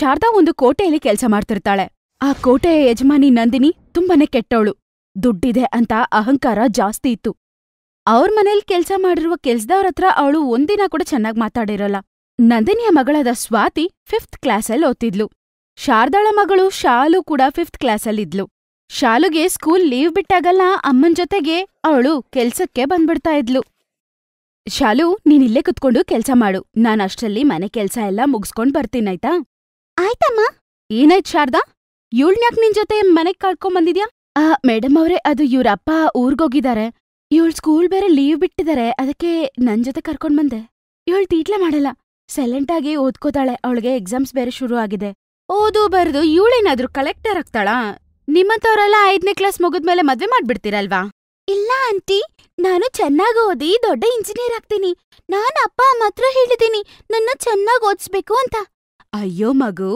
ಶಾರದಾ ಒಂದು ಕೋಟೆಯಲ್ಲಿ ಕೆಲಸ ಮಾಡ್ತಿರ್ತಾಳೆ ಆ ಕೋಟೆಯ ಯಜಮಾನಿ ನಂದಿನಿ ತುಂಬಾನೇ ಕೆಟ್ಟವಳು ದುಡ್ಡಿದೆ ಅಂತ ಅಹಂಕಾರ ಜಾಸ್ತಿ ಇತ್ತು ಅವ್ರ ಮನೇಲಿ ಕೆಲ್ಸ ಮಾಡಿರುವ ಕೆಲ್ಸದವ್ರತ್ರ ಅವಳು ಒಂದಿನ ಕೂಡ ಚೆನ್ನಾಗ್ ಮಾತಾಡಿರಲ್ಲ ನಂದಿನಿಯ ಮಗಳಾದ ಸ್ವಾತಿ ಫಿಫ್ತ್ ಕ್ಲಾಸಲ್ಲಿ ಓದ್ತಿದ್ಲು ಶಾರದಾಳ ಮಗಳು ಶಾಲು ಕೂಡ ಫಿಫ್ತ್ ಕ್ಲಾಸಲ್ಲಿದ್ಲು ಶಾಲುಗೆ ಸ್ಕೂಲ್ ಲೀವ್ ಬಿಟ್ಟಾಗಲ್ಲ ಅಮ್ಮನ್ ಜೊತೆಗೆ ಅವಳು ಕೆಲ್ಸಕ್ಕೆ ಬಂದ್ಬಿಡ್ತಾ ಇದ್ಲು ಶಾಲು ನೀನಿಲ್ಲೇ ಕುತ್ಕೊಂಡು ಕೆಲ್ಸ ಮಾಡು ನಾನಷ್ಟಲ್ಲಿ ಮನೆ ಕೆಲ್ಸ ಎಲ್ಲ ಮುಗಿಸ್ಕೊಂಡ್ ಬರ್ತೀನಾಯ್ತಾ ಆಯ್ತಮ್ಮ ಏನಾಯ್ತು ಶಾರದಾ ಇವಳನ್ಯಾಕ್ ನಿನ್ ಜೊತೆ ಮನೆಗ್ ಕಳ್ಕೊಂಬಂದಿದ್ಯಾ ಆ ಮೇಡಮ್ ಅವರೇ ಅದು ಇವ್ರಪ್ಪ ಊರ್ಗೋಗಿದ್ದಾರೆ ಇವಳ್ ಸ್ಕೂಲ್ ಬೇರೆ ಲೀವ್ ಬಿಟ್ಟಿದ್ದಾರೆ ಅದಕ್ಕೆ ನನ್ ಜೊತೆ ಕರ್ಕೊಂಡ್ ಬಂದೆ ಇವಳ್ ತೀಟ್ಲೆ ಮಾಡಲ್ಲ ಸೈಲೆಂಟ್ ಆಗಿ ಓದ್ಕೋತಾಳೆ ಅವಳಿಗೆ ಎಕ್ಸಾಮ್ಸ್ ಬೇರೆ ಶುರು ಆಗಿದೆ ಓದು ಬರೆದು ಇವಳೇನಾದ್ರೂ ಕಲೆಕ್ಟರ್ ಆಗ್ತಾಳಾ ನಿಮ್ಮಂತವ್ರೆಲ್ಲ ಐದನೇ ಕ್ಲಾಸ್ ಮುಗಿದ್ಮೇಲೆ ಮದ್ವೆ ಮಾಡ್ಬಿಡ್ತೀರಲ್ವಾ ಇಲ್ಲ ಆಂಟಿ ನಾನು ಚೆನ್ನಾಗಿ ಓದಿ ದೊಡ್ಡ ಇಂಜಿನಿಯರ್ ಆಗ್ತೀನಿ ನಾನು ಅಪ್ಪ ಅಮ್ಮ ಹತ್ರ ಹೇಳಿದ್ದೀನಿ ನನ್ನ ಚೆನ್ನಾಗಿ ಓದಿಸ್ಬೇಕು ಅಂತ ಅಯ್ಯೋ ಮಗು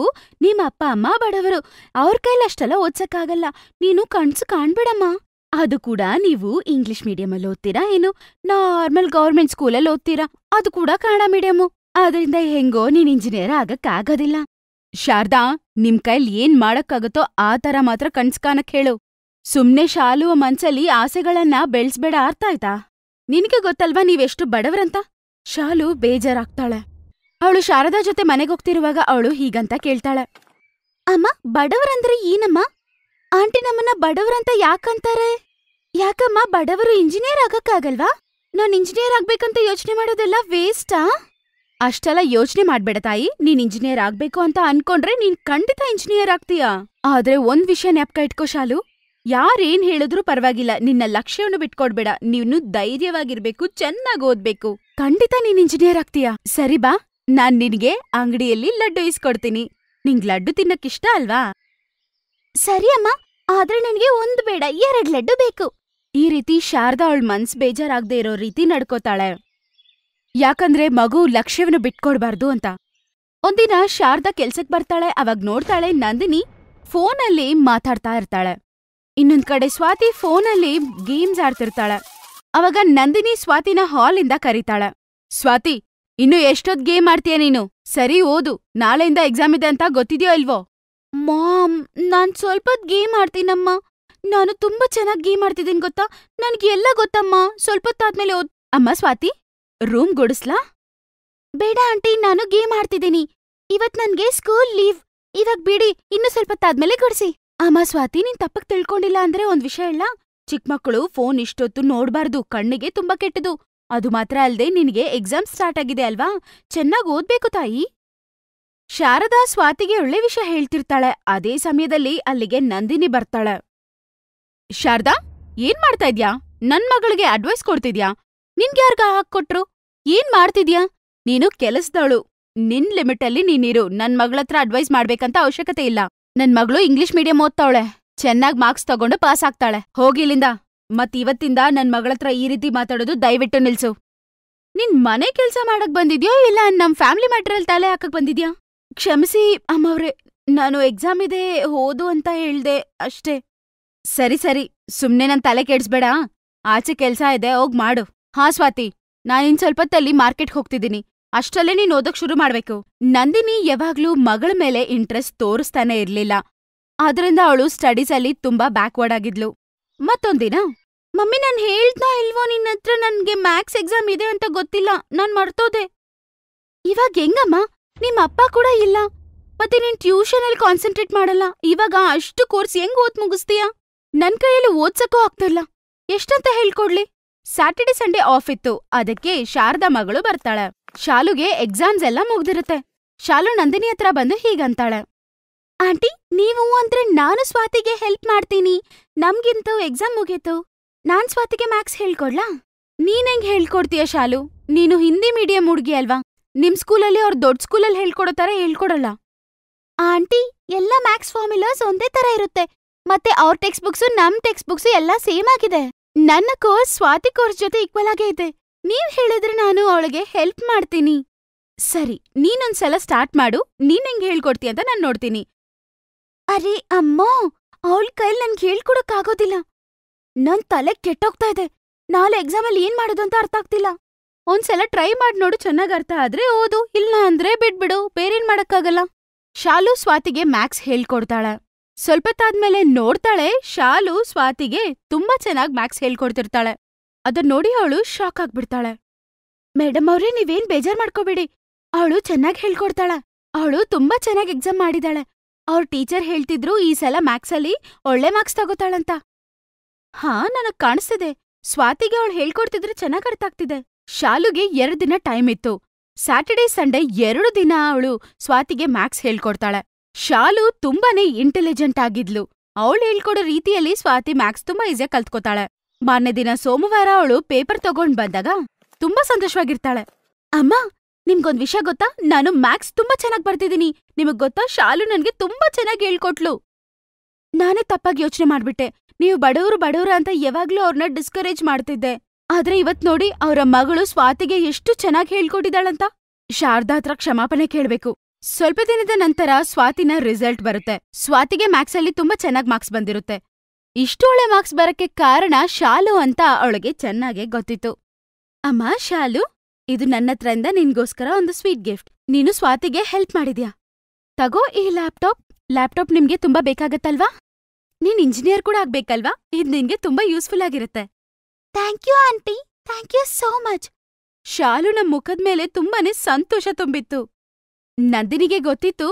ನಿಮ್ಮ ಅಪ್ಪ ಅಮ್ಮ ಬಡವರು ಅವ್ರ ಕೈಲಷ್ಟೆಲ್ಲ ಓದ್ಸಕ್ಕಾಗಲ್ಲ ನೀನು ಕಣ್ಸು ಕಾಣ್ಬಿಡಮ್ಮ ಅದು ಕೂಡ ನೀವು ಇಂಗ್ಲಿಷ್ ಮೀಡಿಯಮಲ್ಲಿ ಓದ್ತೀರಾ ಏನು ನಾರ್ಮಲ್ ಗೌರ್ಮೆಂಟ್ ಸ್ಕೂಲಲ್ಲಿ ಓದ್ತೀರಾ ಅದು ಕೂಡ ಕನ್ನಡ ಮೀಡಿಯಮು ಅದರಿಂದ ಹೆಂಗೋ ನೀನ್ ಇಂಜಿನಿಯರ್ ಆಗಕ್ಕಾಗೋದಿಲ್ಲ ಶಾರದಾ ನಿಮ್ ಕೈಲಿ ಏನ್ ಮಾಡಕ್ಕಾಗತ್ತೋ ಆ ಥರ ಮಾತ್ರ ಕಾಣಕ್ ಹೇಳು ಸುಮ್ನೆ ಶಾಲುವ ಮನ್ಸಲ್ಲಿ ಆಸೆಗಳನ್ನ ಬೆಳ್ಸ್ಬೇಡ ಅರ್ಥ ಆಯ್ತಾ ನಿನಗೆ ಗೊತ್ತಲ್ವಾ ನೀವೆಷ್ಟು ಬಡವರಂತ ಶಾಲು ಬೇಜಾರಾಗ್ತಾಳೆ ಅವಳು ಶಾರದಾ ಜೊತೆ ಮನೆಗೋಗ್ತಿರುವಾಗ ಅವಳು ಹೀಗಂತ ಕೇಳ್ತಾಳೆ ಅಮ್ಮ ಬಡವರಂದ್ರೆ ಏನಮ್ಮ ಆಂಟಿ ನಮ್ಮನ್ನ ಬಡವರಂತ ಯಾಕಂತಾರೆ ಯಾಕಮ್ಮ ಬಡವರು ಇಂಜಿನಿಯರ್ ಆಗಕ್ಕಾಗಲ್ವಾ ನಾನ್ ಇಂಜಿನಿಯರ್ ಆಗ್ಬೇಕಂತ ಯೋಚನೆ ಮಾಡೋದೆಲ್ಲ ವೇಸ್ಟಾ ಅಷ್ಟೆಲ್ಲ ಯೋಚನೆ ಮಾಡ್ಬೇಡ ತಾಯಿ ನೀನ್ ಇಂಜಿನಿಯರ್ ಆಗ್ಬೇಕು ಅಂತ ಅನ್ಕೊಂಡ್ರೆ ನೀನ್ ಖಂಡಿತ ಇಂಜಿನಿಯರ್ ಆಗ್ತೀಯಾ ಆದ್ರೆ ಒಂದ್ ವಿಷಯ ನೆಪ್ಕ ಇಟ್ಕೋ ಶಾಲು ಯಾರೇನ್ ಹೇಳಿದ್ರೂ ಪರವಾಗಿಲ್ಲ ನಿನ್ನ ಲಕ್ಷ್ಯವನ್ನು ಬಿಟ್ಕೊಡ್ಬೇಡ ನೀನು ಧೈರ್ಯವಾಗಿರ್ಬೇಕು ಚೆನ್ನಾಗಿ ಓದ್ಬೇಕು ಖಂಡಿತ ನೀನ್ ಇಂಜಿನಿಯರ್ ಆಗ್ತೀಯಾ ಸರಿ ಬಾ ನಾನ್ ನಿನ್ಗೆ ಅಂಗಡಿಯಲ್ಲಿ ಲಡ್ಡು ಇಸ್ಕೊಡ್ತೀನಿ ನಿಂಗ್ ಲಡ್ಡು ತಿನ್ನಕ್ಕಿಷ್ಟ ಅಲ್ವಾ ಸರಿ ಅಮ್ಮ ಆದ್ರೆ ನಿನ್ಗೆ ಒಂದ್ ಬೇಡ ಎರಡ್ ಲಡ್ಡು ಬೇಕು ಈ ರೀತಿ ಶಾರದಾ ಅವಳ ಮನ್ಸ್ ಬೇಜಾರಾಗ್ದೇ ಇರೋ ರೀತಿ ನಡ್ಕೋತಾಳೆ ಯಾಕಂದ್ರೆ ಮಗು ಲಕ್ಷ್ಯವನ್ನು ಬಿಟ್ಕೊಡ್ಬಾರ್ದು ಅಂತ ಒಂದಿನ ಶಾರದಾ ಕೆಲ್ಸಕ್ ಬರ್ತಾಳೆ ಅವಾಗ ನೋಡ್ತಾಳೆ ನಂದಿನಿ ಫೋನಲ್ಲಿ ಮಾತಾಡ್ತಾ ಇರ್ತಾಳೆ ಇನ್ನೊಂದ್ ಕಡೆ ಸ್ವಾತಿ ಫೋನಲ್ಲಿ ಗೇಮ್ಸ್ ಆಡ್ತಿರ್ತಾಳೆ ಅವಾಗ ನಂದಿನಿ ಸ್ವಾತಿನ ಹಾಲಿಂದ ಕರೀತಾಳೆ ಸ್ವಾತಿ ಇನ್ನು ಎಷ್ಟೊತ್ ಗೇಮ್ ಆಡ್ತೀಯ ನೀನು ಸರಿ ಓದು ನಾಳೆಯಿಂದ ಎಕ್ಸಾಮ್ ಇದೆ ಅಂತ ಗೊತ್ತಿದ್ಯೋ ಇಲ್ವೋ ಮಾಮ್ ನಾನ್ ಸ್ವಲ್ಪ ಗೇಮ್ ಆಡ್ತೀನಮ್ಮ ನಾನು ತುಂಬಾ ಚೆನ್ನಾಗಿ ಗೇಮ್ ಆಡ್ತಿದ್ದೀನಿ ಗೊತ್ತಾ ನನ್ಗೆ ಎಲ್ಲ ಗೊತ್ತಮ್ಮ ಹೊತ್ತಾದ್ಮೇಲೆ ಓದ್ ಅಮ್ಮ ಸ್ವಾತಿ ರೂಮ್ ಗುಡಿಸ್ಲಾ ಬೇಡ ಆಂಟಿ ನಾನು ಗೇಮ್ ಆಡ್ತಿದ್ದೀನಿ ಇವತ್ ನನ್ಗೆ ಸ್ಕೂಲ್ ಲೀವ್ ಇವಾಗ ಬಿಡಿ ಇನ್ನು ಹೊತ್ತಾದ್ಮೇಲೆ ಗುಡಿಸಿ ಅಮ್ಮ ಸ್ವಾತಿ ನೀನ್ ತಪ್ಪಕ್ ತಿಳ್ಕೊಂಡಿಲ್ಲ ಅಂದ್ರೆ ಒಂದ್ ವಿಷಯ ಇಲ್ಲ ಚಿಕ್ಕ ಮಕ್ಕಳು ಫೋನ್ ಇಷ್ಟೊತ್ತು ನೋಡ್ಬಾರ್ದು ಕಣ್ಣಿಗೆ ತುಂಬಾ ಕೆಟ್ಟದು ಅದು ಮಾತ್ರ ಅಲ್ಲದೆ ನಿನಗೆ ಎಕ್ಸಾಮ್ ಸ್ಟಾರ್ಟ್ ಆಗಿದೆ ಅಲ್ವಾ ಚೆನ್ನಾಗಿ ಓದ್ಬೇಕು ತಾಯಿ ಶಾರದಾ ಸ್ವಾತಿಗೆ ಒಳ್ಳೆ ವಿಷಯ ಹೇಳ್ತಿರ್ತಾಳೆ ಅದೇ ಸಮಯದಲ್ಲಿ ಅಲ್ಲಿಗೆ ನಂದಿನಿ ಬರ್ತಾಳೆ ಶಾರದಾ ಏನ್ ಮಾಡ್ತಾ ಇದ್ಯಾ ನನ್ ಮಗಳಿಗೆ ಅಡ್ವೈಸ್ ಕೊಡ್ತಿದ್ಯಾ ನಿನ್ಗ್ಯಾರ್ಗ ಹಾಕ್ಕೊಟ್ರು ಏನ್ ಮಾಡ್ತಿದ್ಯಾ ನೀನು ಕೆಲಸದವಳು ನಿನ್ ಲಿಮಿಟಲ್ಲಿ ನೀನಿರು ನನ್ ಮಗಳತ್ರ ಅಡ್ವೈಸ್ ಮಾಡ್ಬೇಕಂತ ಅವಶ್ಯಕತೆ ಇಲ್ಲ ನನ್ ಮಗಳು ಇಂಗ್ಲಿಷ್ ಮೀಡಿಯಂ ಓದ್ತಾಳೆ ಚೆನ್ನಾಗ್ ಮಾರ್ಕ್ಸ್ ತಗೊಂಡು ಪಾಸ್ ಆಗ್ತಾಳೆ ಹೋಗಿಲ್ಲಿಂದ ಮತ್ ಇವತ್ತಿಂದ ನನ್ ಮಗಳತ್ರ ಈ ರೀತಿ ಮಾತಾಡೋದು ದಯವಿಟ್ಟು ನಿಲ್ಸು ನಿನ್ ಮನೆ ಕೆಲ್ಸ ಮಾಡಕ್ ಬಂದಿದ್ಯೋ ಇಲ್ಲ ನಮ್ ಫ್ಯಾಮಿಲಿ ಮ್ಯಾಟ್ರಲ್ಲಿ ತಲೆ ಹಾಕಕ್ ಬಂದಿದ್ಯಾ ಕ್ಷಮಿಸಿ ಅಮ್ಮವ್ರೆ ನಾನು ಎಕ್ಸಾಮ್ ಇದೆ ಓದು ಅಂತ ಹೇಳ್ದೆ ಅಷ್ಟೇ ಸರಿ ಸರಿ ಸುಮ್ನೆ ನನ್ ತಲೆ ಕೆಡ್ಸ್ಬೇಡ ಆಚೆ ಕೆಲ್ಸ ಇದೆ ಹೋಗ್ ಮಾಡು ಹಾ ಸ್ವಾತಿ ನಾನಿನ್ ತಲ್ಲಿ ಮಾರ್ಕೆಟ್ ಹೋಗ್ತಿದ್ದೀನಿ ಅಷ್ಟಲ್ಲೇ ನೀನ್ ಓದಕ್ ಶುರು ಮಾಡ್ಬೇಕು ನಂದಿನಿ ಯಾವಾಗ್ಲೂ ಮಗಳ ಮೇಲೆ ಇಂಟ್ರೆಸ್ಟ್ ತೋರಿಸ್ತಾನೆ ಇರ್ಲಿಲ್ಲ ಆದ್ರಿಂದ ಅವಳು ಸ್ಟಡೀಸಲ್ಲಿ ತುಂಬಾ ಬ್ಯಾಕ್ವರ್ಡ್ ಆಗಿದ್ಲು ಮತ್ತೊಂದಿನ ಮಮ್ಮಿ ನಾನು ಹೇಳ್ತಾ ಇಲ್ವೋ ನಿನ್ನ ಹತ್ರ ನನ್ಗೆ ಮ್ಯಾಕ್ಸ್ ಎಕ್ಸಾಮ್ ಇದೆ ಅಂತ ಗೊತ್ತಿಲ್ಲ ನಾನ್ ಮರ್ತೋದೆ ಇವಾಗ ಹೆಂಗಮ್ಮ ನಿಮ್ಮ ಅಪ್ಪ ಕೂಡ ಇಲ್ಲ ಮತ್ತೆ ನೀನ್ ಟ್ಯೂಷನ್ ಅಲ್ಲಿ ಕಾನ್ಸಂಟ್ರೇಟ್ ಮಾಡಲ್ಲ ಇವಾಗ ಅಷ್ಟು ಕೋರ್ಸ್ ಹೆಂಗ್ ಓದ್ ಮುಗಿಸ್ತೀಯ ನನ್ ಕೈಯಲ್ಲಿ ಓದ್ಸಕ್ಕೂ ಆಗ್ತಿಲ್ಲ ಎಷ್ಟಂತ ಹೇಳ್ಕೊಡ್ಲಿ ಸ್ಯಾಟರ್ಡೆ ಸಂಡೇ ಆಫ್ ಇತ್ತು ಅದಕ್ಕೆ ಶಾರದಾ ಮಗಳು ಬರ್ತಾಳೆ ಶಾಲುಗೆ ಎಕ್ಸಾಮ್ಸ್ ಎಲ್ಲ ಮುಗ್ದಿರುತ್ತೆ ಶಾಲು ನಂದಿನಿ ಹತ್ರ ಬಂದು ಹೀಗಂತಾಳೆ ಆಂಟಿ ನೀವು ಅಂದ್ರೆ ನಾನು ಸ್ವಾತಿಗೆ ಹೆಲ್ಪ್ ಮಾಡ್ತೀನಿ ನಮ್ಗಿಂತ ಎಕ್ಸಾಮ್ ಮುಗೀತು ನಾನ್ ಸ್ವಾತಿಗೆ ಮ್ಯಾಕ್ಸ್ ಹೇಳ್ಕೊಡ್ಲಾ ನೀನ್ ಹೆಂಗ್ ಹೇಳ್ಕೊಡ್ತೀಯ ಶಾಲು ನೀನು ಹಿಂದಿ ಮೀಡಿಯಂ ಹುಡ್ಗಿ ಅಲ್ವಾ ನಿಮ್ ಸ್ಕೂಲಲ್ಲಿ ಅವ್ರ ದೊಡ್ಡ ಸ್ಕೂಲಲ್ಲಿ ಹೇಳ್ಕೊಡೋ ತರ ಹೇಳ್ಕೊಡಲ್ಲ ಆಂಟಿ ಎಲ್ಲ ಮ್ಯಾಕ್ಸ್ ಫಾರ್ಮುಲಾಸ್ ಒಂದೇ ತರ ಇರುತ್ತೆ ಮತ್ತೆ ಅವ್ರ ಟೆಕ್ಸ್ಟ್ ಬುಕ್ಸು ನಮ್ ಟೆಕ್ಸ್ಟ್ ಬುಕ್ಸ್ ಎಲ್ಲ ಸೇಮ್ ಆಗಿದೆ ನನ್ನ ಕೋರ್ಸ್ ಸ್ವಾತಿ ಕೋರ್ಸ್ ಜೊತೆ ಈಕ್ವಲ್ ಆಗೇ ಇದೆ ನೀವ್ ಹೇಳಿದ್ರೆ ನಾನು ಅವಳಿಗೆ ಹೆಲ್ಪ್ ಮಾಡ್ತೀನಿ ಸರಿ ನೀನೊಂದ್ಸಲ ಸ್ಟಾರ್ಟ್ ಮಾಡು ನೀನ್ ಹೆಂಗ್ ಹೇಳ್ಕೊಡ್ತೀಯ ಅಂತ ನಾನ್ ನೋಡ್ತೀನಿ ಅರೇ ಅಮ್ಮ ಅವಳ ಕೈಲಿ ನನ್ಗೆ ಹೇಳ್ಕೊಡಕ್ ಆಗೋದಿಲ್ಲ ನನ್ ತಲೆ ಕೆಟ್ಟೋಗ್ತಾ ಇದೆ ನಾಳೆ ಎಕ್ಸಾಮಲ್ಲಿ ಏನ್ ಮಾಡೋದು ಅಂತ ಅರ್ಥ ಆಗ್ತಿಲ್ಲ ಒಂದ್ಸಲ ಟ್ರೈ ಮಾಡಿ ನೋಡು ಚೆನ್ನಾಗ್ ಅರ್ಥ ಆದ್ರೆ ಓದು ಇಲ್ಲ ಅಂದ್ರೆ ಬಿಟ್ಬಿಡು ಬೇರೇನ್ ಮಾಡಕ್ಕಾಗಲ್ಲ ಶಾಲು ಸ್ವಾತಿಗೆ ಮ್ಯಾಕ್ಸ್ ಹೇಳ್ಕೊಡ್ತಾಳೆ ಸ್ವಲ್ಪತ್ತಾದ್ಮೇಲೆ ನೋಡ್ತಾಳೆ ಶಾಲು ಸ್ವಾತಿಗೆ ತುಂಬಾ ಚೆನ್ನಾಗ್ ಮ್ಯಾಕ್ಸ್ ಹೇಳ್ಕೊಡ್ತಿರ್ತಾಳೆ ಅದನ್ನ ನೋಡಿ ಅವಳು ಶಾಕ್ ಆಗ್ಬಿಡ್ತಾಳೆ ಮೇಡಮ್ ಅವ್ರೆ ನೀವೇನ್ ಬೇಜಾರ್ ಮಾಡ್ಕೋಬೇಡಿ ಅವಳು ಚೆನ್ನಾಗಿ ಹೇಳ್ಕೊಡ್ತಾಳ ಅವಳು ತುಂಬಾ ಚೆನ್ನಾಗಿ ಎಕ್ಸಾಮ್ ಮಾಡಿದಾಳೆ ಅವ್ರ ಟೀಚರ್ ಹೇಳ್ತಿದ್ರು ಈ ಸಲ ಮ್ಯಾಕ್ಸಲ್ಲಿ ಒಳ್ಳೆ ಮಾರ್ಕ್ಸ್ ತಗೋತಾಳಂತ ಹಾ ನನಗ್ ಕಾಣಿಸ್ತಿದೆ ಸ್ವಾತಿಗೆ ಅವಳು ಹೇಳ್ಕೊಡ್ತಿದ್ರೆ ಚೆನ್ನಾಗ್ ಅರ್ಥ ಆಗ್ತಿದೆ ಶಾಲುಗೆ ಎರಡು ದಿನ ಟೈಮ್ ಇತ್ತು ಸ್ಯಾಟರ್ಡೇ ಸಂಡೇ ಎರಡು ದಿನ ಅವಳು ಸ್ವಾತಿಗೆ ಮ್ಯಾಕ್ಸ್ ಹೇಳ್ಕೊಡ್ತಾಳೆ ಶಾಲು ತುಂಬಾನೇ ಇಂಟೆಲಿಜೆಂಟ್ ಆಗಿದ್ಲು ಅವಳು ಹೇಳ್ಕೊಡೋ ರೀತಿಯಲ್ಲಿ ಸ್ವಾತಿ ಮ್ಯಾಕ್ಸ್ ತುಂಬಾ ಈಸಿಯಾಗಿ ಕಲ್ತ್ಕೋತಾಳೆ ಮಾನ್ಯ ದಿನ ಸೋಮವಾರ ಅವಳು ಪೇಪರ್ ತಗೊಂಡ್ ಬಂದಾಗ ತುಂಬಾ ಸಂತೋಷವಾಗಿರ್ತಾಳೆ ಅಮ್ಮ ನಿಮ್ಗೊಂದ್ ವಿಷಯ ಗೊತ್ತಾ ನಾನು ಮ್ಯಾಕ್ಸ್ ತುಂಬಾ ಚೆನ್ನಾಗಿ ಬರ್ತಿದ್ದೀನಿ ನಿಮಗ್ ಗೊತ್ತಾ ಶಾಲು ನನ್ಗೆ ತುಂಬಾ ಚೆನ್ನಾಗಿ ಹೇಳ್ಕೊಟ್ಲು ನಾನೇ ತಪ್ಪಾಗಿ ಯೋಚನೆ ಮಾಡ್ಬಿಟ್ಟೆ ನೀವು ಬಡವರು ಬಡವರು ಅಂತ ಯಾವಾಗ್ಲೂ ಅವ್ರನ್ನ ಡಿಸ್ಕರೇಜ್ ಮಾಡ್ತಿದ್ದೆ ಆದ್ರೆ ಇವತ್ ನೋಡಿ ಅವರ ಮಗಳು ಸ್ವಾತಿಗೆ ಎಷ್ಟು ಚೆನ್ನಾಗಿ ಹೇಳ್ಕೊಟ್ಟಿದ್ದಾಳಂತ ಶಾರದಾ ಹತ್ರ ಕ್ಷಮಾಪಣೆ ಕೇಳ್ಬೇಕು ಸ್ವಲ್ಪ ದಿನದ ನಂತರ ಸ್ವಾತಿನ ರಿಸಲ್ಟ್ ಬರುತ್ತೆ ಸ್ವಾತಿಗೆ ಮ್ಯಾಕ್ಸ್ ಅಲ್ಲಿ ತುಂಬಾ ಚೆನ್ನಾಗಿ ಮಾರ್ಕ್ಸ್ ಬಂದಿರುತ್ತೆ ಇಷ್ಟು ಒಳ್ಳೆ ಮಾರ್ಕ್ಸ್ ಬರಕ್ಕೆ ಕಾರಣ ಶಾಲು ಅಂತ ಅವಳಿಗೆ ಚೆನ್ನಾಗೆ ಗೊತ್ತಿತ್ತು ಅಮ್ಮ ಶಾಲು ಇದು ನನ್ನತ್ರದಿಂದ ನಿನ್ಗೋಸ್ಕರ ಒಂದು ಸ್ವೀಟ್ ಗಿಫ್ಟ್ ನೀನು ಸ್ವಾತಿಗೆ ಹೆಲ್ಪ್ ಮಾಡಿದ್ಯಾ ತಗೋ ಈ ಲ್ಯಾಪ್ಟಾಪ್ ಲ್ಯಾಪ್ಟಾಪ್ ನಿಮ್ಗೆ ತುಂಬಾ ಬೇಕಾಗತ್ತಲ್ವಾ ನೀನ್ ಇಂಜಿನಿಯರ್ ಕೂಡ ಆಗ್ಬೇಕಲ್ವಾ ಇದ್ ನಿನ್ಗೆ ತುಂಬಾ ಯೂಸ್ಫುಲ್ ಆಗಿರುತ್ತೆ thank you aunty thank you so much Shalu ನಮ್ ಮುಖದ ಮೇಲೆ ತುಂಬಾನೇ ಸಂತೋಷ ತುಂಬಿತ್ತು ನಂದಿನಿಗೆ ಗೊತ್ತಿತ್ತು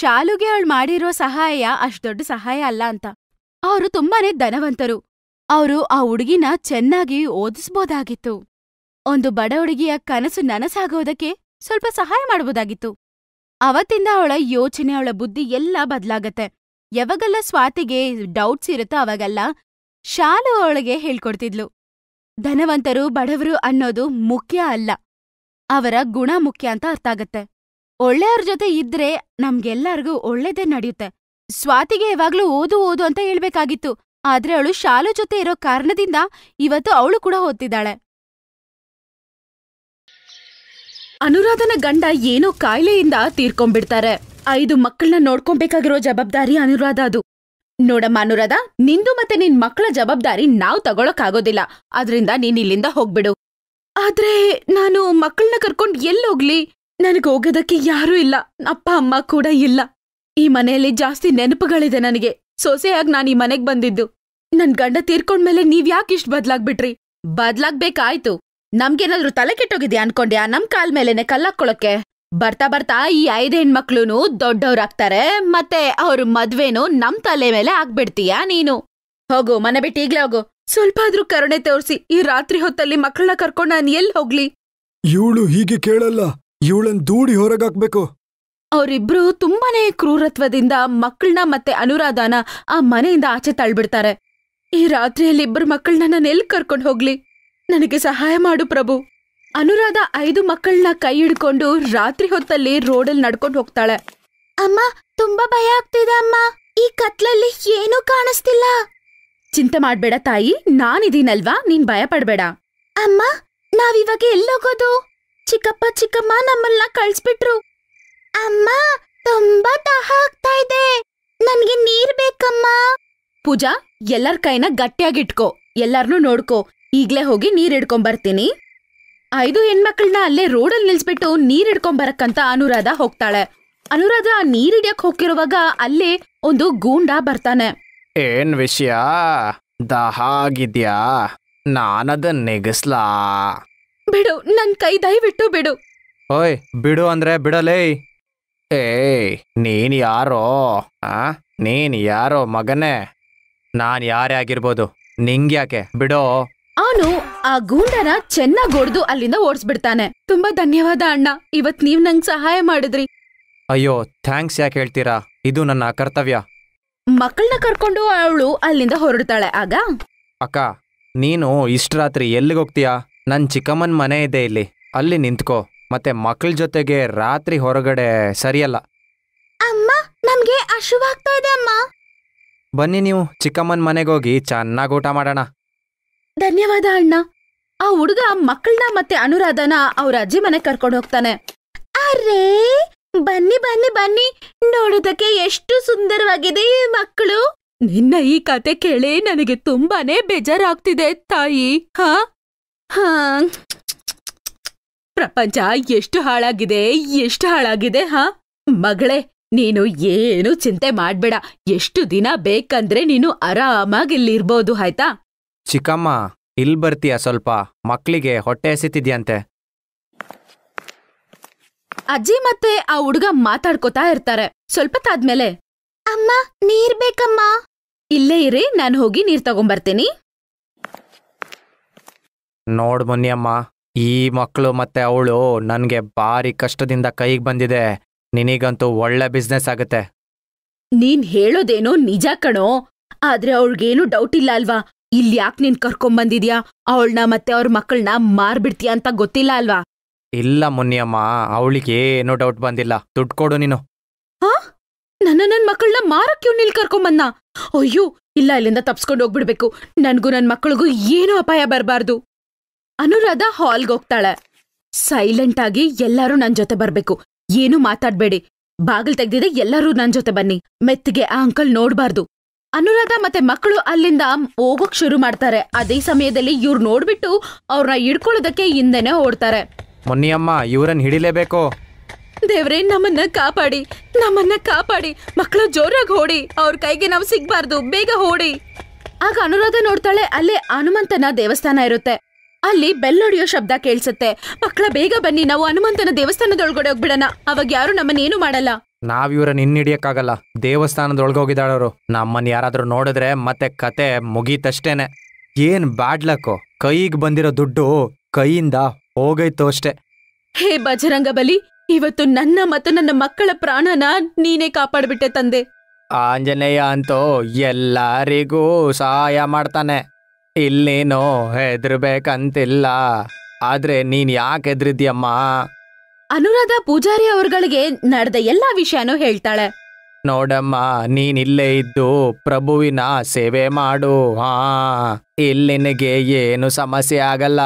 ಶಾಲುಗೆ ಅವಳು ಮಾಡಿರೋ ಸಹಾಯ ಅಷ್ಟ್ ದೊಡ್ಡ ಸಹಾಯ ಅಲ್ಲ ಅಂತ ಅವರು ತುಂಬಾನೇ ಧನವಂತರು ಅವರು ಆ ಹುಡುಗಿನ ಚೆನ್ನಾಗಿ ಓದಿಸ್ಬೋದಾಗಿತ್ತು ಒಂದು ಬಡ ಹುಡುಗಿಯ ಕನಸು ನನಸಾಗೋದಕ್ಕೆ ಸ್ವಲ್ಪ ಸಹಾಯ ಮಾಡಬಹುದಾಗಿತ್ತು ಅವತ್ತಿಂದ ಅವಳ ಯೋಚನೆ ಅವಳ ಬುದ್ಧಿ ಎಲ್ಲ ಬದ್ಲಾಗತ್ತೆ ಯಾವಾಗೆಲ್ಲ ಸ್ವಾತಿಗೆ ಡೌಟ್ಸ್ ಇರುತ್ತೋ ಅವಾಗೆಲ್ಲ ಶಾಲು ಅವಳಿಗೆ ಹೇಳ್ಕೊಡ್ತಿದ್ಲು ಧನವಂತರು ಬಡವರು ಅನ್ನೋದು ಮುಖ್ಯ ಅಲ್ಲ ಅವರ ಗುಣ ಮುಖ್ಯ ಅಂತ ಅರ್ಥ ಆಗತ್ತೆ ಒಳ್ಳೆಯವ್ರ ಜೊತೆ ಇದ್ರೆ ನಮ್ಗೆಲ್ಲರಿಗೂ ಒಳ್ಳೇದೇ ನಡೆಯುತ್ತೆ ಸ್ವಾತಿಗೆ ಯಾವಾಗ್ಲೂ ಓದು ಓದು ಅಂತ ಹೇಳ್ಬೇಕಾಗಿತ್ತು ಆದ್ರೆ ಅವಳು ಶಾಲು ಜೊತೆ ಇರೋ ಕಾರಣದಿಂದ ಇವತ್ತು ಅವಳು ಕೂಡ ಓದ್ತಿದ್ದಾಳೆ ಅನುರಾಧನ ಗಂಡ ಏನೋ ಕಾಯಿಲೆಯಿಂದ ತೀರ್ಕೊಂಡ್ಬಿಡ್ತಾರೆ ಐದು ಮಕ್ಕಳನ್ನ ನೋಡ್ಕೊಬೇಕಾಗಿರೋ ಜವಾಬ್ದಾರಿ ಅನುರಾಧ ಅದು ನೋಡಮ್ಮ ಅನುರಾಧ ನಿಂದು ಮತ್ತೆ ನಿನ್ ಮಕ್ಕಳ ಜವಾಬ್ದಾರಿ ನಾವ್ ತಗೊಳಕ್ಕಾಗೋದಿಲ್ಲ ಅದ್ರಿಂದ ನೀನ್ ಇಲ್ಲಿಂದ ಹೋಗ್ಬಿಡು ಆದ್ರೆ ನಾನು ಮಕ್ಕಳನ್ನ ಕರ್ಕೊಂಡ್ ಹೋಗ್ಲಿ ನನಗೆ ಹೋಗೋದಕ್ಕೆ ಯಾರೂ ಇಲ್ಲ ಅಪ್ಪ ಅಮ್ಮ ಕೂಡ ಇಲ್ಲ ಈ ಮನೆಯಲ್ಲಿ ಜಾಸ್ತಿ ನೆನಪುಗಳಿದೆ ನನಗೆ ಸೊಸೆಯಾಗಿ ನಾನು ಈ ಮನೆಗ್ ಬಂದಿದ್ದು ನನ್ ಗಂಡ ತೀರ್ಕೊಂಡ್ಮೇಲೆ ಯಾಕೆ ಇಷ್ಟು ಬದ್ಲಾಗ್ಬಿಟ್ರಿ ಬದ್ಲಾಗ್ಬೇಕಾಯ್ತು ನಮ್ಗೇನಾದ್ರೂ ತಲೆ ಕೆಟ್ಟೋಗಿದ್ಯಾ ಅನ್ಕೊಂಡ್ಯಾ ನಮ್ ಕಾಲ್ ಮೇಲೆನೆ ಕಲ್ಲಾಕೊಳಕ್ಕೆ ಬರ್ತಾ ಬರ್ತಾ ಈ ಐದು ಹೆಣ್ಮಕ್ಳು ದೊಡ್ಡವ್ರಾಗ್ತಾರೆ ಮತ್ತೆ ಅವ್ರ ಮದ್ವೆನು ನಮ್ ತಲೆ ಮೇಲೆ ಆಗ್ಬಿಡ್ತೀಯಾ ನೀನು ಹೋಗು ಮನೆ ಬಿಟ್ಟು ಈಗ್ಲೇ ಹೋಗು ಸ್ವಲ್ಪ ಆದ್ರೂ ಕರುಣೆ ತೋರಿಸಿ ಈ ರಾತ್ರಿ ಹೊತ್ತಲ್ಲಿ ಮಕ್ಕಳನ್ನ ಕರ್ಕೊಂಡು ನಾನು ಎಲ್ಲಿ ಹೋಗ್ಲಿ ಇವಳು ಹೀಗೆ ಕೇಳಲ್ಲ ಇವಳನ್ ದೂಡಿ ಹೊರಗಾಕ್ಬೇಕು ಅವರಿಬ್ರು ತುಂಬಾನೇ ಕ್ರೂರತ್ವದಿಂದ ಮಕ್ಕಳನ್ನ ಮತ್ತೆ ಅನುರಾಧನ ಆ ಮನೆಯಿಂದ ಆಚೆ ತಳ್ಬಿಡ್ತಾರೆ ಈ ರಾತ್ರಿಯಲ್ಲಿ ಇಬ್ರು ಮಕ್ಕಳನ್ನ ನಾನು ಎಲ್ಲಿ ಕರ್ಕೊಂಡು ಹೋಗ್ಲಿ ನನಗೆ ಸಹಾಯ ಮಾಡು ಪ್ರಭು ಅನುರಾಧ ಐದು ಮಕ್ಕಳನ್ನ ಕೈ ಹಿಡ್ಕೊಂಡು ರಾತ್ರಿ ಹೊತ್ತಲ್ಲಿ ರೋಡಲ್ಲಿ ನಡ್ಕೊಂಡು ಹೋಗ್ತಾಳೆ ಅಮ್ಮ ತುಂಬಾ ಭಯ ಆಗ್ತಿದೆ ಅಮ್ಮ ಈ ಕತ್ಲಲ್ಲಿ ಏನೂ ಕಾಣಿಸ್ತಿಲ್ಲ ಚಿಂತೆ ಮಾಡ್ಬೇಡ ತಾಯಿ ನಾನಿದೀನಲ್ವಾ ನೀನ್ ಭಯ ಪಡ್ಬೇಡ ಅಮ್ಮ ನಾವಿವಾಗ ಎಲ್ಲೋಗೋದು ಚಿಕ್ಕಪ್ಪ ಚಿಕ್ಕಮ್ಮ ನಮ್ಮನ್ನ ಕಳ್ಸ್ಬಿಟ್ರು ಅಮ್ಮ ತುಂಬಾ ದಾಹ ಆಗ್ತಾ ಇದೆ ನನ್ಗೆ ನೀರ್ ಬೇಕಮ್ಮ ಪೂಜಾ ಎಲ್ಲರ ಕೈನ ಗಟ್ಟಿಯಾಗಿಟ್ಕೋ ಎಲ್ಲಾರನೂ ನೋಡ್ಕೋ ಈಗ್ಲೇ ಹೋಗಿ ನೀರು ಹಿಡ್ಕೊಂಬರ್ತೀನಿ ಐದು ಹೆಣ್ಮಕ್ಳನ್ನ ಅಲ್ಲೇ ರೋಡಲ್ಲಿ ನಿಲ್ಸ್ಬಿಟ್ಟು ನೀರ್ ಹಿಡ್ಕೊಂಬರಕ್ಕಂತ ಅನುರಾಧ ಹೋಗ್ತಾಳೆ ಅನುರಾಧ ನೀರ್ ಹಿಡಿಯಕ್ ಹೋಗ್ತಿರುವಾಗ ಅಲ್ಲೇ ಒಂದು ಗೂಂಡ ಬರ್ತಾನೆ ಏನ್ ವಿಷಯ ದಹಾಗಿದ್ಯಾ ಆಗಿದ್ಯಾ ನಾನದನ್ನ ನೆಗಸ್ಲಾ ಬಿಡು ನನ್ ಕೈ ದಯವಿಟ್ಟು ಬಿಡು ಓಯ್ ಬಿಡು ಅಂದ್ರೆ ಬಿಡಲೇ ಏ ನೀನ್ ಯಾರೋ ಆ ನೀನ್ ಯಾರೋ ಮಗನೇ ನಾನ್ ಯಾರೇ ಆಗಿರ್ಬೋದು ನಿಂಗ್ಯಾಕೆ ಬಿಡೋ ಅವನು ಆ ಗೂಂಡನ ಚೆನ್ನಾಗ್ ಹೊಡೆದು ಅಲ್ಲಿಂದ ಓಡಿಸ್ಬಿಡ್ತಾನೆ ತುಂಬಾ ಧನ್ಯವಾದ ಅಣ್ಣ ಇವತ್ ನೀವ್ ನಂಗ್ ಸಹಾಯ ಮಾಡಿದ್ರಿ ಅಯ್ಯೋ ಥ್ಯಾಂಕ್ಸ್ ಯಾಕೆ ಹೇಳ್ತೀರಾ ಇದು ನನ್ನ ಕರ್ತವ್ಯ ಮಕ್ಕಳನ್ನ ಕರ್ಕೊಂಡು ಅವಳು ಅಲ್ಲಿಂದ ಹೊರಡ್ತಾಳೆ ಆಗ ಅಕ್ಕ ನೀನು ಇಷ್ಟ ರಾತ್ರಿ ಎಲ್ಲಿಗೆ ಹೋಗ್ತೀಯಾ ನನ್ ಚಿಕ್ಕಮ್ಮನ್ ಮನೆ ಇದೆ ಇಲ್ಲಿ ಅಲ್ಲಿ ನಿಂತ್ಕೋ ಮತ್ತೆ ಮಕ್ಕಳ ಜೊತೆಗೆ ರಾತ್ರಿ ಹೊರಗಡೆ ಸರಿಯಲ್ಲ ಅಮ್ಮ ನಮ್ಗೆ ಹಶುವಾಗ್ತಾ ಇದೆ ಅಮ್ಮ ಬನ್ನಿ ನೀವು ಚಿಕ್ಕಮ್ಮನ್ ಮನೆಗೋಗಿ ಚೆನ್ನಾಗಿ ಊಟ ಮಾಡೋಣ ಧನ್ಯವಾದ ಅಣ್ಣ ಆ ಹುಡುಗ ಮಕ್ಕಳನ್ನ ಮತ್ತೆ ಅನುರಾಧನ ಅವ್ರ ಅಜ್ಜಿ ಮನೆ ಕರ್ಕೊಂಡು ಹೋಗ್ತಾನೆ ಅರೇ ಬನ್ನಿ ಬನ್ನಿ ಬನ್ನಿ ನೋಡೋದಕ್ಕೆ ಎಷ್ಟು ಸುಂದರವಾಗಿದೆ ಈ ಮಕ್ಕಳು ನಿನ್ನ ಈ ಕತೆ ಕೇಳಿ ನನಗೆ ತುಂಬಾನೇ ಬೇಜಾರಾಗ್ತಿದೆ ತಾಯಿ ಹಾ ಹಾ ಪ್ರಪಂಚ ಎಷ್ಟು ಹಾಳಾಗಿದೆ ಎಷ್ಟು ಹಾಳಾಗಿದೆ ಹಾ ಮಗಳೇ ನೀನು ಏನು ಚಿಂತೆ ಮಾಡ್ಬೇಡ ಎಷ್ಟು ದಿನ ಬೇಕಂದ್ರೆ ನೀನು ಆರಾಮಾಗಿ ಇಲ್ಲಿರ್ಬೋದು ಆಯ್ತಾ ಚಿಕ್ಕಮ್ಮ ಇಲ್ ಬರ್ತೀಯ ಸ್ವಲ್ಪ ಮಕ್ಕಳಿಗೆ ಹೊಟ್ಟೆ ಎಸಿತಿದ್ಯಂತೆ ಅಜ್ಜಿ ಮತ್ತೆ ಆ ಹುಡುಗ ಮಾತಾಡ್ಕೋತಾ ಇರ್ತಾರೆ ಸ್ವಲ್ಪ ತಾದ್ಮೇಲೆ ಅಮ್ಮ ನೀರ್ ಬೇಕಮ್ಮ ಇಲ್ಲೇ ಇರಿ ನಾನು ಹೋಗಿ ನೀರ್ ತಗೊಂಬರ್ತೀನಿ ನೋಡ್ ಮುನ್ನಿಯಮ್ಮ ಈ ಮಕ್ಕಳು ಮತ್ತೆ ಅವಳು ನನ್ಗೆ ಭಾರಿ ಕಷ್ಟದಿಂದ ಕೈಗೆ ಬಂದಿದೆ ನಿನಗಂತೂ ಒಳ್ಳೆ ಬಿಸ್ನೆಸ್ ಆಗುತ್ತೆ ನೀನ್ ಹೇಳೋದೇನೋ ನಿಜ ಕಣೋ ಆದ್ರೆ ಅವಳಿಗೇನು ಡೌಟ್ ಇಲ್ಲ ಅಲ್ವಾ ಇಲ್ಯಾಕ್ ನೀನ್ ಕರ್ಕೊಂಬಂದಿದ್ಯಾ ಅವಳನ್ನ ಮತ್ತೆ ಅವ್ರ ಮಕ್ಕಳನ್ನ ಮಾರ್ಬಿಡ್ತೀಯ ಅಂತ ಗೊತ್ತಿಲ್ಲ ಅಲ್ವಾ ಇಲ್ಲ ಮುನಿಯಮ್ಮ ಅವಳಿಗೆ ಏನೋ ಡೌಟ್ ಬಂದಿಲ್ಲ ದುಡ್ಡು ಕೊಡು ನೀನು ಹಾ ನನ್ನ ನನ್ ಮಕ್ಕಳನ್ನ ಮಾರಕ್ಕೆ ಇಲ್ಲಿ ಕರ್ಕೊಂಬಂದ ಅಯ್ಯೋ ಇಲ್ಲ ಇಲ್ಲಿಂದ ತಪ್ಸ್ಕೊಂಡು ಹೋಗ್ಬಿಡ್ಬೇಕು ನನ್ಗೂ ನನ್ ಮಕ್ಕಳಿಗೂ ಏನು ಅಪಾಯ ಬರಬಾರ್ದು ಅನುರಾಧ ಹಾಲ್ಗೆ ಹೋಗ್ತಾಳೆ ಸೈಲೆಂಟ್ ಆಗಿ ಎಲ್ಲರೂ ನನ್ ಜೊತೆ ಬರ್ಬೇಕು ಏನು ಮಾತಾಡ್ಬೇಡಿ ಬಾಗಿಲ್ ತೆಗ್ದಿದೆ ಎಲ್ಲರೂ ನನ್ ಜೊತೆ ಬನ್ನಿ ಮೆತ್ತಿಗೆ ಆ ಅಂಕಲ್ ನೋಡ್ಬಾರ್ದು ಅನುರಾಧ ಮತ್ತೆ ಮಕ್ಕಳು ಅಲ್ಲಿಂದ ಹೋಗೋಕ್ ಶುರು ಮಾಡ್ತಾರೆ ಅದೇ ಸಮಯದಲ್ಲಿ ಇವ್ರು ನೋಡ್ಬಿಟ್ಟು ಅವ್ರನ್ನ ಹಿಡ್ಕೊಳ್ಳೋದಕ್ಕೆ ಹಿಂದೆನೆ ಓಡ್ತಾರೆ ಮೊನ್ನಿಯಮ್ಮ ಇವರನ್ನ ಹಿಡಿಲೇಬೇಕು ದೇವ್ರೆ ನಮ್ಮನ್ನ ಕಾಪಾಡಿ ನಮ್ಮನ್ನ ಕಾಪಾಡಿ ಮಕ್ಕಳು ಜೋರಾಗಿ ಓಡಿ ಅವ್ರ ಕೈಗೆ ನಾವು ಸಿಗ್ಬಾರ್ದು ಬೇಗ ಓಡಿ ಆಗ ಅನುರಾಧ ನೋಡ್ತಾಳೆ ಅಲ್ಲೇ ಹನುಮಂತನ ದೇವಸ್ಥಾನ ಇರುತ್ತೆ ಅಲ್ಲಿ ಬೆಲ್ಲೊಡಿಯೋ ಶಬ್ದ ಕೇಳಿಸುತ್ತೆ ಮಕ್ಕಳ ಬೇಗ ಬನ್ನಿ ನಾವು ಹನುಮಂತನ ದೇವಸ್ಥಾನದೊಳಗಡೆ ಹೋಗ್ಬಿಡೋಣ ಅವಾಗ ಯಾರು ನಮ್ಮನ್ನೇನು ಮಾಡಲ್ಲ ನಾವ್ ಇವ್ರನ್ನ ಹಿಡಿಯಕ್ಕಾಗಲ್ಲ ದೇವಸ್ಥಾನದೊಳಗೆ ಒಳಗೋಗಿದ್ದಾಳವ್ರು ನಮ್ಮನ್ ಯಾರಾದ್ರೂ ನೋಡಿದ್ರೆ ಮತ್ತೆ ಕತೆ ಮುಗೀತಷ್ಟೇನೆ ಏನ್ ಬ್ಯಾಡ್ಲಕ್ಕು ಕೈಗ್ ಬಂದಿರೋ ದುಡ್ಡು ಕೈಯಿಂದ ಹೋಗೈತು ಅಷ್ಟೆ ಹೇ ಬಜರಂಗ ಬಲಿ ಇವತ್ತು ನನ್ನ ಮತ್ತು ನನ್ನ ಮಕ್ಕಳ ಪ್ರಾಣನ ನೀನೇ ಕಾಪಾಡ್ಬಿಟ್ಟೆ ತಂದೆ ಆಂಜನೇಯ ಅಂತೂ ಎಲ್ಲರಿಗೂ ಸಹಾಯ ಮಾಡ್ತಾನೆ ಇಲ್ಲೇನು ಹೆದರ್ಬೇಕಂತಿಲ್ಲ ಆದ್ರೆ ನೀನ್ ಯಾಕೆ ಹೆದ್ರಿದ್ಯಮ್ಮ ಅನುರಾಧ ಪೂಜಾರಿ ಅವರುಗಳಿಗೆ ನಡೆದ ಎಲ್ಲಾ ವಿಷಯನೂ ಹೇಳ್ತಾಳೆ ನೋಡಮ್ಮ ನೀನಿಲ್ಲೇ ಇದ್ದು ಪ್ರಭುವಿನ ಸೇವೆ ಮಾಡು ಹಾ ಇಲ್ಲಿ ನಿನಗೆ ಏನು ಸಮಸ್ಯೆ ಆಗಲ್ಲ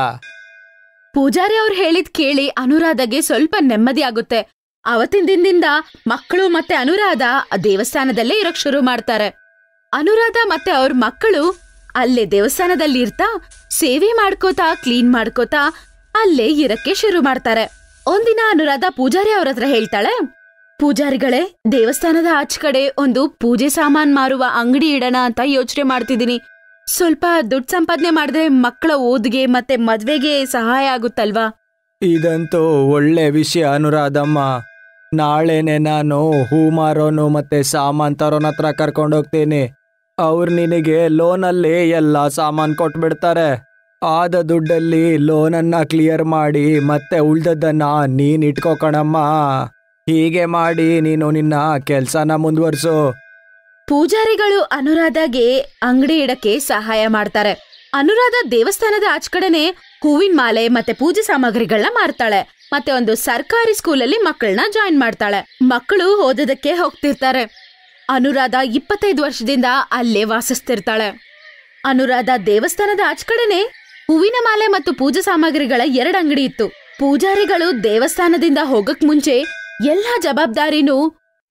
ಪೂಜಾರಿ ಅವ್ರು ಹೇಳಿದ್ ಕೇಳಿ ಅನುರಾಧಗೆ ಸ್ವಲ್ಪ ನೆಮ್ಮದಿ ಆಗುತ್ತೆ ಅವತ್ತಿನ ದಿನದಿಂದ ಮಕ್ಕಳು ಮತ್ತೆ ಅನುರಾಧ ದೇವಸ್ಥಾನದಲ್ಲೇ ಇರಕ್ ಶುರು ಮಾಡ್ತಾರೆ ಅನುರಾಧ ಮತ್ತೆ ಅವ್ರ ಮಕ್ಕಳು ಅಲ್ಲೇ ದೇವಸ್ಥಾನದಲ್ಲಿ ಇರ್ತಾ ಸೇವೆ ಮಾಡ್ಕೋತಾ ಕ್ಲೀನ್ ಮಾಡ್ಕೋತಾ ಅಲ್ಲೇ ಇರಕ್ಕೆ ಶುರು ಮಾಡ್ತಾರೆ ಒಂದಿನ ಅನುರಾಧ ಪೂಜಾರಿ ಅವ್ರ ಹತ್ರ ಹೇಳ್ತಾಳೆ ಪೂಜಾರಿಗಳೇ ದೇವಸ್ಥಾನದ ಆಚ ಕಡೆ ಒಂದು ಪೂಜೆ ಸಾಮಾನ್ ಮಾರುವ ಅಂಗಡಿ ಇಡೋಣ ಅಂತ ಯೋಚನೆ ಮಾಡ್ತಿದ್ದೀನಿ ಸ್ವಲ್ಪ ದುಡ್ಡು ಸಂಪಾದನೆ ಮಾಡಿದ್ರೆ ಮಕ್ಕಳ ಓದ್ಗೆ ಮತ್ತೆ ಮದ್ವೆಗೆ ಸಹಾಯ ಆಗುತ್ತಲ್ವಾ ಇದಂತೂ ಒಳ್ಳೆ ವಿಷಯ ಅನುರಾಧಮ್ಮ ನಾಳೆನೆ ನಾನು ಹೂ ಮಾರೋನು ಮತ್ತೆ ಸಾಮಾನ್ ತರೋನ ಹತ್ರ ಕರ್ಕೊಂಡೋಗ್ತೇನೆ ಅವ್ರು ನಿನಗೆ ಲೋನಲ್ಲಿ ಎಲ್ಲ ಸಾಮಾನು ಕೊಟ್ಬಿಡ್ತಾರೆ ಆದ ದುಡ್ಡಲ್ಲಿ ಲೋನನ್ನ ಕ್ಲಿಯರ್ ಮಾಡಿ ಮತ್ತೆ ಉಳ್ದದ್ದನ್ನ ನೀನ್ ಇಟ್ಕೋಕಣಮ್ಮ ಹೀಗೆ ಮಾಡಿ ನೀನು ನಿನ್ನ ಕೆಲ್ಸನ ಮುಂದುವರ್ಸು ಪೂಜಾರಿಗಳು ಅನುರಾಧಗೆ ಅಂಗಡಿ ಇಡಕ್ಕೆ ಸಹಾಯ ಮಾಡ್ತಾರೆ ಅನುರಾಧ ದೇವಸ್ಥಾನದ ಆಚ್ಕಡೆನೆ ಹೂವಿನ ಮಾಲೆ ಮತ್ತೆ ಪೂಜೆ ಸಾಮಗ್ರಿಗಳನ್ನ ಮಾರ್ತಾಳೆ ಮತ್ತೆ ಒಂದು ಸರ್ಕಾರಿ ಸ್ಕೂಲಲ್ಲಿ ಮಕ್ಕಳನ್ನ ಜಾಯಿನ್ ಮಾಡ್ತಾಳೆ ಮಕ್ಕಳು ಓದೋದಕ್ಕೆ ಹೋಗ್ತಿರ್ತಾರೆ ಅನುರಾಧ ಇಪ್ಪತ್ತೈದು ವರ್ಷದಿಂದ ಅಲ್ಲೇ ವಾಸಿಸ್ತಿರ್ತಾಳೆ ಅನುರಾಧ ದೇವಸ್ಥಾನದ ಆಚ್ಕಡೆನೆ ಹೂವಿನ ಮಾಲೆ ಮತ್ತು ಪೂಜಾ ಸಾಮಗ್ರಿಗಳ ಎರಡು ಅಂಗಡಿ ಇತ್ತು ಪೂಜಾರಿಗಳು ದೇವಸ್ಥಾನದಿಂದ ಹೋಗಕ್ ಮುಂಚೆ ಎಲ್ಲಾ ಜವಾಬ್ದಾರಿನೂ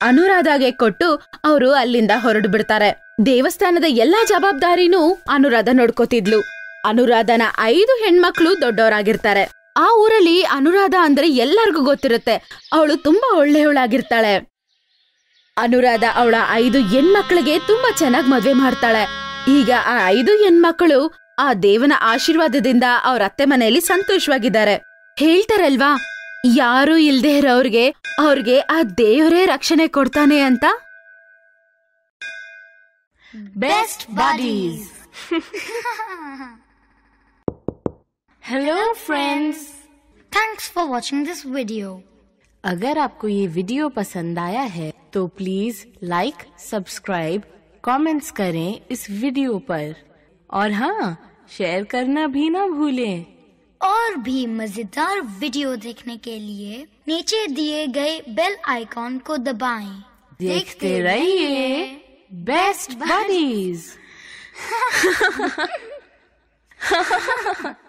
ಅನುರಾಧಾಗೆ ಕೊಟ್ಟು ಅವರು ಅಲ್ಲಿಂದ ಹೊರಡು ಬಿಡ್ತಾರೆ ದೇವಸ್ಥಾನದ ಎಲ್ಲಾ ಜವಾಬ್ದಾರಿನೂ ಅನುರಾಧ ನೋಡ್ಕೋತಿದ್ಲು ಅನುರಾಧನ ಐದು ಹೆಣ್ಮಕ್ಳು ದೊಡ್ಡವರಾಗಿರ್ತಾರೆ ಆ ಊರಲ್ಲಿ ಅನುರಾಧ ಅಂದ್ರೆ ಎಲ್ಲರಿಗೂ ಗೊತ್ತಿರುತ್ತೆ ಅವಳು ತುಂಬಾ ಒಳ್ಳೆಯವಳಾಗಿರ್ತಾಳೆ ಅನುರಾಧ ಅವಳ ಐದು ಹೆಣ್ಮಕ್ಳಿಗೆ ತುಂಬಾ ಚೆನ್ನಾಗಿ ಮದ್ವೆ ಮಾಡ್ತಾಳೆ ಈಗ ಆ ಐದು ಹೆಣ್ಮಕ್ಳು ಆ ದೇವನ ಆಶೀರ್ವಾದದಿಂದ ಅವ್ರ ಅತ್ತೆ ಮನೆಯಲ್ಲಿ ಸಂತೋಷವಾಗಿದ್ದಾರೆ ಹೇಳ್ತಾರಲ್ವಾ ಯಾರು ಇಲ್ದೇ ಇರೋರ್ಗೆ ಅವ್ರಿಗೆ ಆ ದೇವರೇ ರಕ್ಷಣೆ ಕೊಡ್ತಾನೆ ಅಂತ ಬೆಸ್ಟ್ ಬಾಡೀಸ್ hello friends thanks for watching this video अगर आपको ये वीडियो पसंद आया है तो प्लीज लाइक सब्सक्राइब कमेंट्स करें इस वीडियो पर और हाँ शेयर करना भी ना भूलें। और भी मजेदार वीडियो देखने के लिए नीचे दिए गए बेल आइकॉन को दबाएं। देखते रहिए बेस्ट बडीज